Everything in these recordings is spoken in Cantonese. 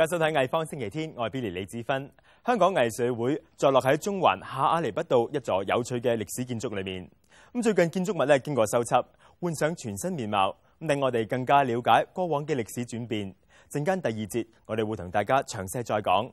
大家收睇藝坊星期天，我係 Billy 李子芬。香港藝術會坐落喺中環下亞厘畢道一座有趣嘅歷史建築裏面。咁最近建築物咧經過修葺，換上全新面貌，令我哋更加了解過往嘅歷史轉變。陣間第二節我哋會同大家詳細再講。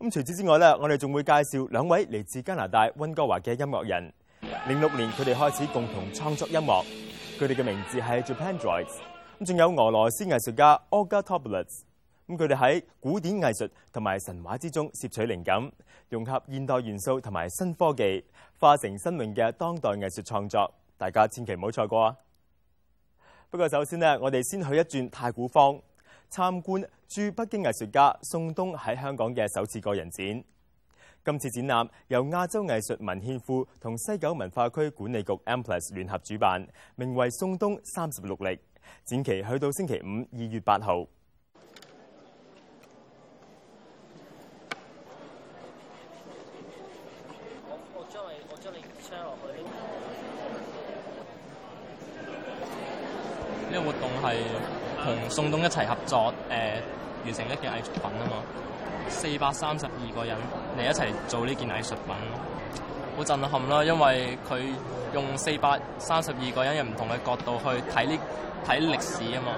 咁除此之外咧，我哋仲會介紹兩位嚟自加拿大溫哥華嘅音樂人。零六年佢哋開始共同創作音樂，佢哋嘅名字係 Japan Droids。咁仲有俄羅斯藝術家 Olga Tobreluts 咁佢哋喺古典藝術同埋神話之中攝取靈感，融合現代元素同埋新科技，化成新穎嘅當代藝術創作。大家千祈唔好錯過啊！不過首先呢，我哋先去一轉太古坊，參觀駐北京藝術家宋冬喺香港嘅首次個人展。今次展覽由亞洲藝術文獻庫同西九文化區管理局 M+ 聯合主辦，名為《宋冬三十六曆》，展期去到星期五二月八號。宋冬一齊合作，誒、呃、完成的一件藝術品啊嘛，四百三十二個人嚟一齊做呢件藝術品，好震撼啦！因為佢用四百三十二個人由唔同嘅角度去睇呢睇歷史啊嘛，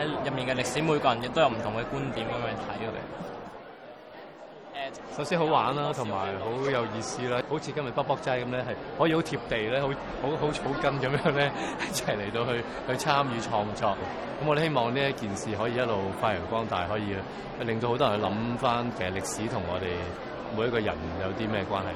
喺入面嘅歷史，每個人亦都有唔同嘅觀點咁去睇佢。首先好玩啦，同埋好有意思啦，好似今日卜卜仔咁咧，係可以好貼地咧，好好好草根咁樣咧一齊嚟到去去參與創作。咁我哋希望呢一件事可以一路發揚光大，可以令到好多人去諗翻其實歷史同我哋每一個人有啲咩關係。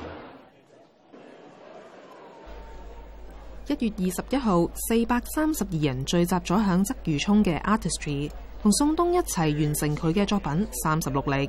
一月二十一號，四百三十二人聚集咗響鰂魚涌嘅 Artistry，同宋冬一齊完成佢嘅作品三十六曆。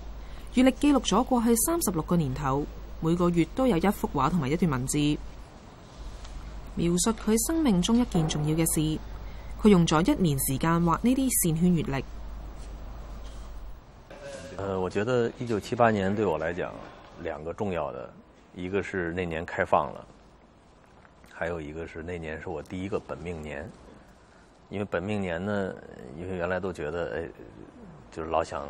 月曆記錄咗過去三十六個年頭，每個月都有一幅畫同埋一段文字，描述佢生命中一件重要嘅事。佢用咗一年時間畫呢啲線圈月曆。呃，我覺得一九七八年對我嚟講兩個重要嘅，一個是那年開放了，還有一個是那年是我第一個本命年。因為本命年呢，因為原來都覺得誒，哎，就是老想。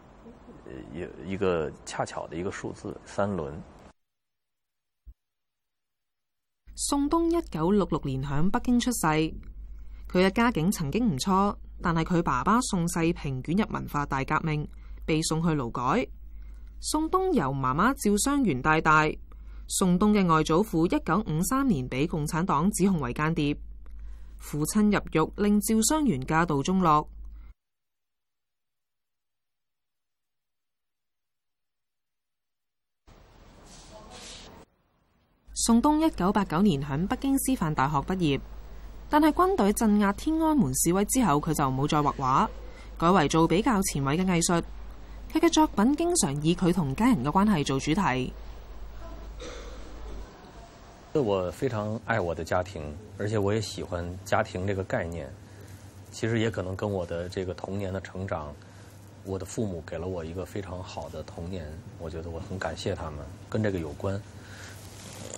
一個恰巧的一個數字，三輪。宋冬一九六六年響北京出世，佢嘅家境曾經唔錯，但係佢爸爸宋世平捲入文化大革命，被送去勞改。宋冬由媽媽趙湘元帶大。宋冬嘅外祖父一九五三年俾共產黨指控為間諜，父親入獄令趙湘元家道中落。宋冬一九八九年喺北京師範大學畢業，但係軍隊鎮壓天安門示威之後，佢就冇再畫畫，改為做比較前衛嘅藝術。佢嘅作品經常以佢同家人嘅關係做主題。我非常愛我的家庭，而且我也喜歡家庭這個概念。其實也可能跟我的這個童年的成長，我的父母給了我一個非常好的童年，我覺得我很感謝他們，跟這個有關。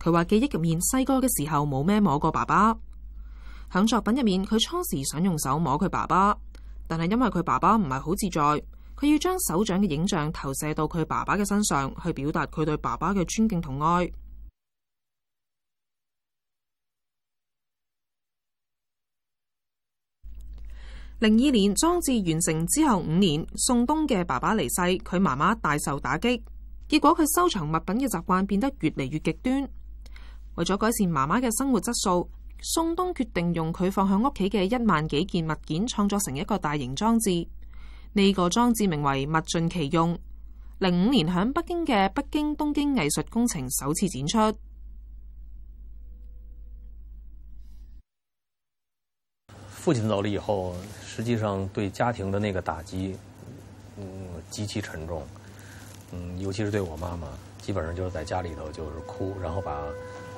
佢話記憶入面，細個嘅時候冇咩摸過爸爸。響作品入面，佢初時想用手摸佢爸爸，但係因為佢爸爸唔係好自在，佢要將手掌嘅影像投射到佢爸爸嘅身上去，表達佢對爸爸嘅尊敬同愛。零二年裝置完成之後五年，宋冬嘅爸爸離世，佢媽媽大受打擊，結果佢收藏物品嘅習慣變得越嚟越極端。為咗改善媽媽嘅生活質素，宋冬決定用佢放響屋企嘅一萬幾件物件創作成一個大型裝置。呢、這個裝置名為《物盡其用》，零五年響北京嘅北京東京藝術工程首次展出。父親走了以後，實際上對家庭的那個打擊，嗯，極其沉重。嗯，尤其是對我媽媽，基本上就是在家裏頭就是哭，然後把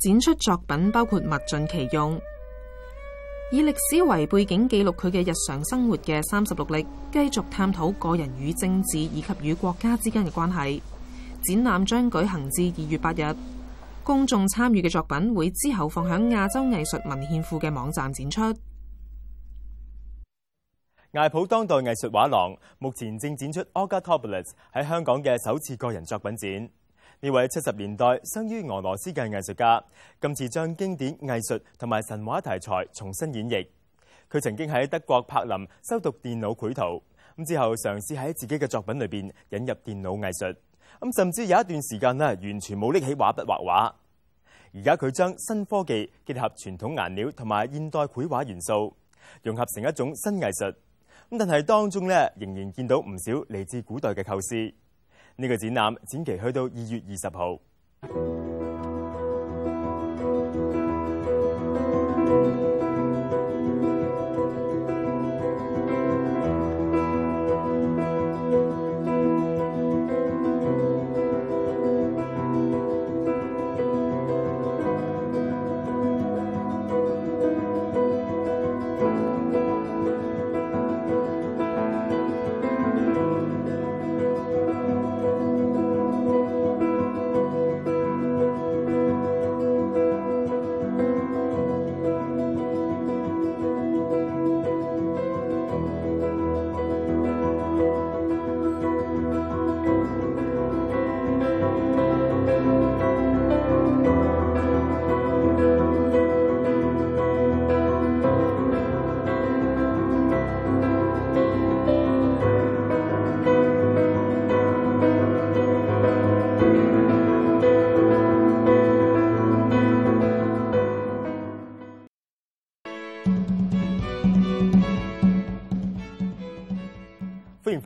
展出作品包括物盡其用，以歷史為背景記錄佢嘅日常生活嘅三十六曆，繼續探討個人與政治以及與國家之間嘅關係。展覽將舉行至二月八日，公眾參與嘅作品會之後放響亞洲藝術文獻庫嘅網站展出。艾普當代藝術畫廊目前正展出 Olga Tobreluts 喺香港嘅首次個人作品展。呢位七十年代生於俄羅斯嘅藝術家，今次將經典藝術同埋神話題材重新演繹。佢曾經喺德國柏林修讀電腦繪圖，咁之後嘗試喺自己嘅作品裏邊引入電腦藝術，咁甚至有一段時間呢完全冇拎起畫筆畫畫。而家佢將新科技結合傳統顏料同埋現代繪畫元素，融合成一種新藝術。咁但係當中呢，仍然見到唔少嚟自古代嘅構思。呢個展覽展期去到二月二十號。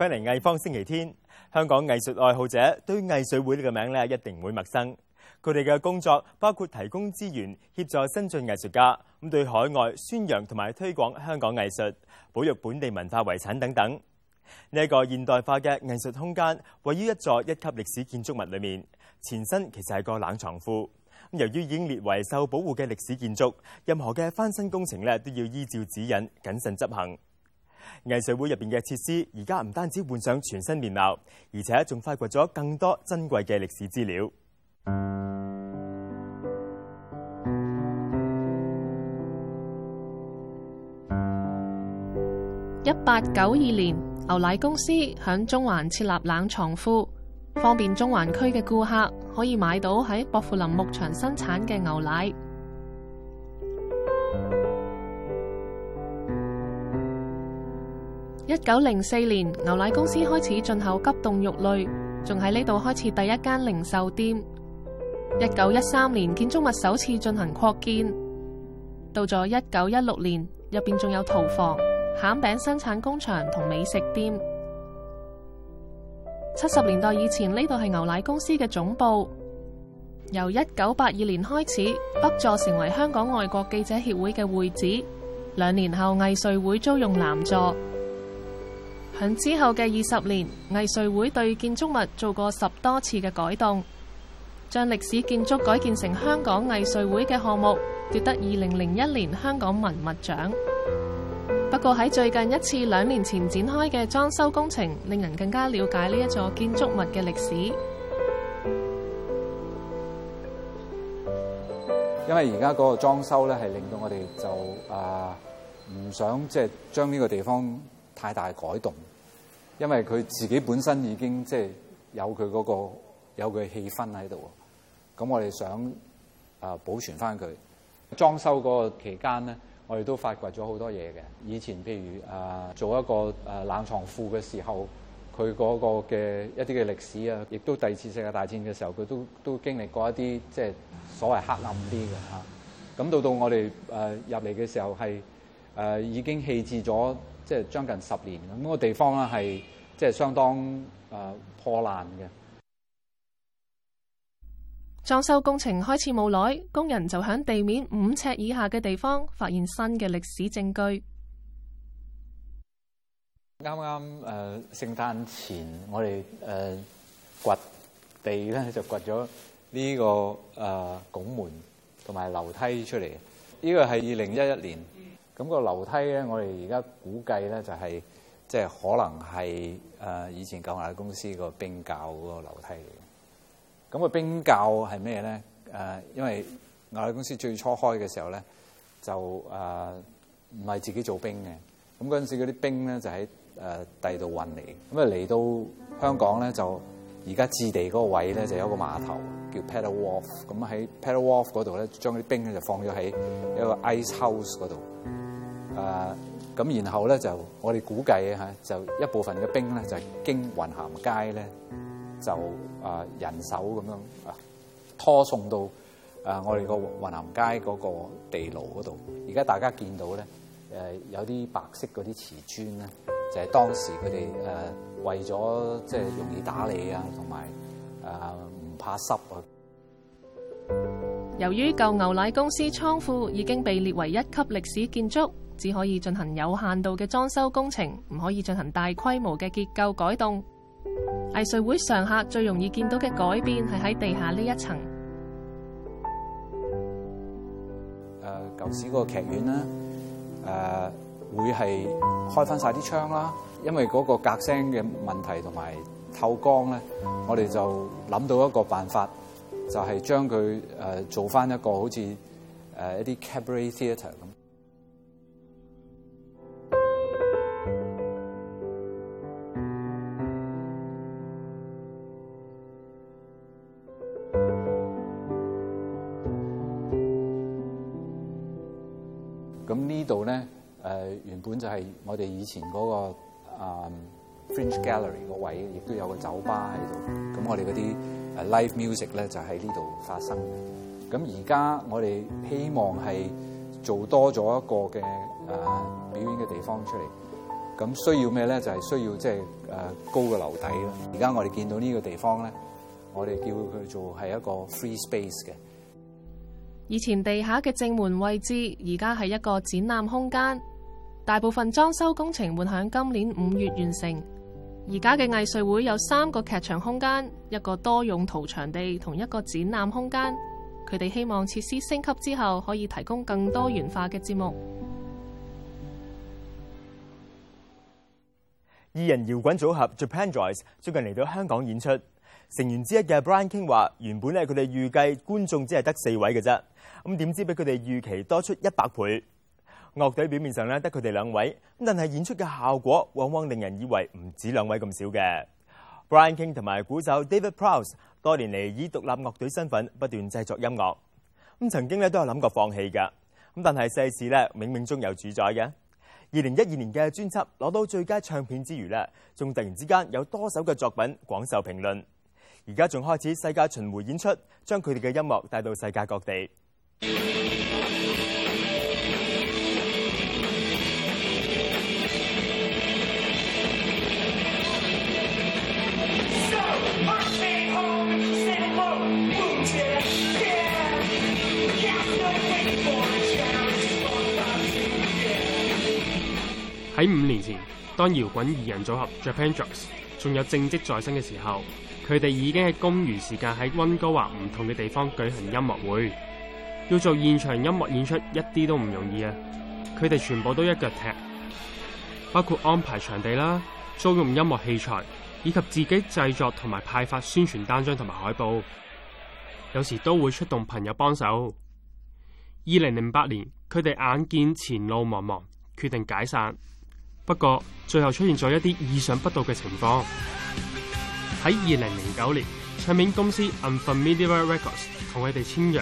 嚟藝坊星期天，香港藝術愛好者對藝穗會呢個名咧一定唔會陌生。佢哋嘅工作包括提供資源協助新晉藝術家，咁對海外宣揚同埋推廣香港藝術，保育本地文化遺產等等。呢、這、一個現代化嘅藝術空間位於一座一級歷史建築物裏面，前身其實係個冷藏庫。咁由於已經列為受保護嘅歷史建築，任何嘅翻新工程都要依照指引謹慎執行。藝術會入邊嘅設施而家唔單止換上全新面貌，而且仲發掘咗更多珍貴嘅歷史資料。一八九二年，牛奶公司響中環設立冷藏庫，方便中環區嘅顧客可以買到喺薄扶林牧場生產嘅牛奶。一九零四年，牛奶公司開始進口急凍肉類，仲喺呢度開設第一間零售店。一九一三年，建築物首次進行擴建，到咗一九一六年，入邊仲有屠房、餡餅生產工場同美食店。七十年代以前，呢度係牛奶公司嘅總部。由一九八二年開始，北座成為香港外國記者協會嘅會址。兩年後，藝穗會租用南座。響之後嘅二十年，藝穗會對建築物做過十多次嘅改動，將歷史建築改建成香港藝穗會嘅項目，奪得二零零一年香港文物獎。不過喺最近一次兩年前展開嘅裝修工程，令人更加了解呢一座建築物嘅歷史。因為而家嗰個裝修咧，係令到我哋就啊呃、唔想即係將呢個地方。太大改動，因為佢自己本身已經即係有佢嗰、那個有佢氣氛喺度，咁我哋想啊、呃、保存翻佢。裝修嗰個期間咧，我哋都發掘咗好多嘢嘅。以前譬如啊做一個誒、啊、冷藏庫嘅時候，佢嗰個嘅一啲嘅歷史啊，亦都第二次世界大戰嘅時候，佢都都經歷過一啲即係所謂黑暗啲嘅嚇。咁、啊、到到我哋誒入嚟嘅時候係誒、啊、已經棄置咗。即係將近十年咁，個地方咧係即係相當誒、呃、破爛嘅。裝修工程開始冇耐，工人就喺地面五尺以下嘅地方發現新嘅歷史證據。啱啱誒聖誕前，我哋誒掘地咧就掘咗呢個誒、呃、拱門同埋樓梯出嚟。呢、這個係二零一一年。咁、個樓梯咧，我哋而家估計咧就係即係可能係、呃、以前舊牛奶公司個冰窖嗰個樓梯嚟嘅。咁個冰窖係咩咧？因為牛奶公司最初開嘅時候咧，就唔係、呃、自己做冰嘅。咁嗰時嗰啲冰咧就喺誒第二度運嚟。咁啊嚟到香港咧，就而家置地嗰個位咧就有個碼頭叫 Pedder's Wharf。咁喺 Pedder's Wharf 嗰度咧，將啲冰咧就放咗喺一個 Ice House 嗰度。誒、呃、咁，然後咧就我哋估計嚇，就一部分嘅冰咧就經雲咸街咧，就誒、呃、人手咁樣啊拖送到誒、呃、我哋個雲咸街嗰個地牢嗰度。而家大家見到咧誒、呃、有啲白色嗰啲瓷磚咧，就係、是、當時佢哋誒為咗即係容易打理啊，同埋誒唔怕濕啊。由於舊牛奶公司倉庫已經被列為一級歷史建築。只可以進行有限度嘅裝修工程，唔可以進行大規模嘅結構改動。藝術會常客最容易見到嘅改變係喺地下呢一層誒舊時嗰個劇院啦，誒、啊、會係開翻晒啲窗啦，因為個隔聲嘅問題同埋透光咧，我哋就諗到一個辦法，就係將佢誒做翻一個好似誒一啲 cabaret theatre 咁呢度咧、呃，原本就係我哋以前嗰、那個啊、嗯、Fringe Gallery 個位，亦都有個酒吧喺度。咁我哋嗰啲 live music 咧就喺呢度發生。咁而家我哋希望係做多咗一個嘅誒、呃、表演嘅地方出嚟。咁需要咩咧？就係、是、需要即係誒高嘅樓底啦，而家我哋見到呢個地方咧，我哋叫佢做係一個 free space 嘅。以前地下嘅正門位置，而家係一個展覽空間。大部分裝修工程會喺今年五月完成。而家嘅藝穗會有三個劇場空間，一個多用途場地，同一個展覽空間。佢哋希望設施升級之後，可以提供更多元化嘅節目。二人搖滾組合 Japandroids 最近嚟到香港演出，成員之一嘅 Brian King 話：原本咧，佢哋預計觀眾只係得四位嘅啫。咁點知俾佢哋預期多出一百倍？樂隊表面上咧得佢哋兩位，但係演出嘅效果往往令人以為唔止兩位咁少嘅。Brian King 同埋鼓手 David Prowse 多年嚟以獨立樂隊身份不斷製作音樂。咁曾經咧都有諗過放棄噶，咁但係世事咧冥冥中有主宰嘅。二零一二年嘅專輯攞到最佳唱片之餘呢，仲突然之間有多首嘅作品廣受評論。而家仲開始世界巡回演出，將佢哋嘅音樂帶到世界各地。喺五年前，當搖滾二人組合 Japan Drugs 仲有正職在身嘅時候，佢哋已經喺公餘時間喺溫哥華唔同嘅地方舉行音樂會。要做現場音樂演出一啲都唔容易啊！佢哋全部都一腳踢，包括安排場地啦、租用音樂器材，以及自己製作同埋派發宣傳單張同埋海報。有時都會出動朋友幫手。二零零八年，佢哋眼見前路茫茫，決定解散。不過最後出現咗一啲意想不到嘅情況。喺二零零九年，唱片公司 Unfamiliar Records 同佢哋簽約。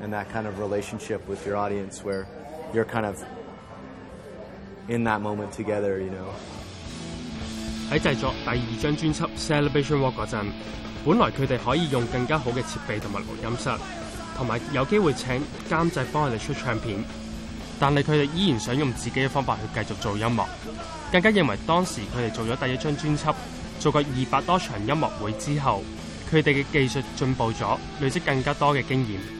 喺 kind of kind of you know? 製作第二張專輯《Celebration Walk》嗰陣，本來佢哋可以用更加好嘅設備同埋錄音室，同埋有，有機會請監製幫佢哋出唱片，但係佢哋依然想用自己嘅方法去繼續做音樂。更加認為當時佢哋做咗第一張專輯，做過二百多場音樂會之後，佢哋嘅技術進步咗，累積更加多嘅經驗。